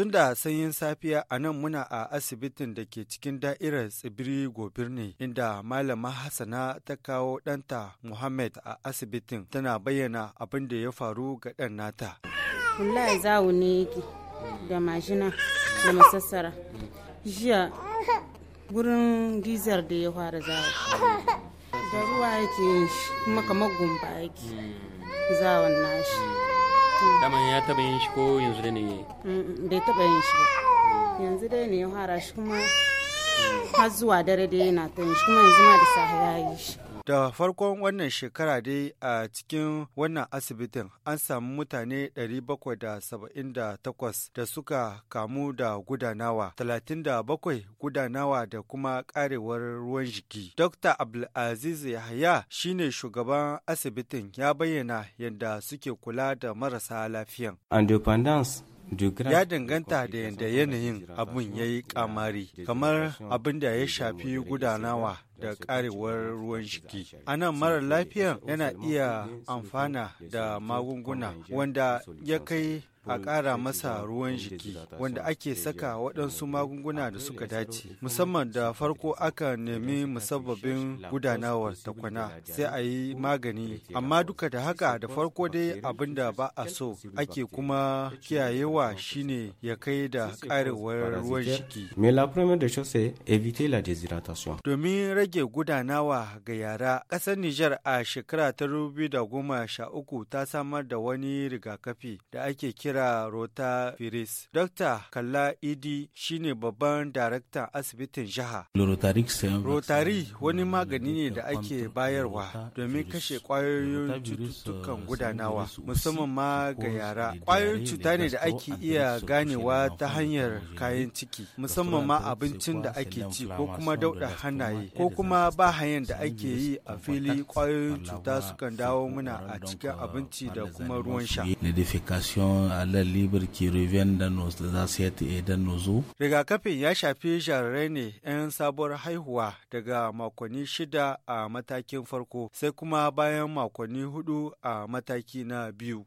Tun da sanyin safiya a nan muna a asibitin da ke cikin da'irar tsibiri gobir ne inda malama hasana ta kawo ɗanta Muhammad a asibitin tana bayyana abin da ya faru ga ɗan nata. Wallahi zawo ne yake da mashina da masassara. Jiya gurin gizar da ya fara zawo. Da ruwa yake yin shi kuma kamar gumba yake zawon nashi. daman ya taba yin shi ko yanzu da ne yayi bai taba yin shi ba yanzu dai ne ya fara shi kuma har zuwa dare dai yana ta yin shi kuma yanzu ma da sahaya yi shi Da farkon wannan shekara dai a cikin wannan asibitin an samu mutane 778 da suka kamu da gudanawa, 37 gudanawa da kuma karewar ruwan jiki. Dr. Abdulaziz Yahya shine shugaban asibitin ya bayyana yadda suke kula da marasa lafiyan. Independence ya danganta da yadda yanayin abun ya yi kamari kamar abin da ya shafi gudanawa da karewar ruwan jiki. A nan marar lafiya yana iya amfana da magunguna wanda ya kai a ƙara masa ruwan jiki wanda ake saka waɗansu magunguna da suka dace musamman da farko aka nemi musabbabin gudanawar takwana sai a yi magani amma duka da haka da farko dai abin da ba a so ake kuma kiyayewa shine ya kai da ƙarewar ruwan jiki domin rage rage gudanawa ga yara ƙasar Nijar a shekara ta da goma sha uku ta samar da wani rigakafi da ake kira rota firis. Dr. Kalla Idi shine babban daraktan asibitin Jaha. Rotari wani magani ne da ake bayarwa domin kashe ƙwayoyin uh, cututtukan gudanawa musamman ma ga yara. Ƙwayoyin cuta ne da ake iya ganewa ta hanyar uh, kayan ciki musamman ma abincin da ake ci ko kuma dauɗa hannaye ko kuma bahayan da ake yi a fili kwayoyin cuta sukan dawo muna a cikin abinci da kuma ruwan sha. Rigakafin ya shafi jarirai ne 'yan sabuwar haihuwa daga makonni shida a matakin farko sai kuma bayan makonni hudu a mataki na biyu.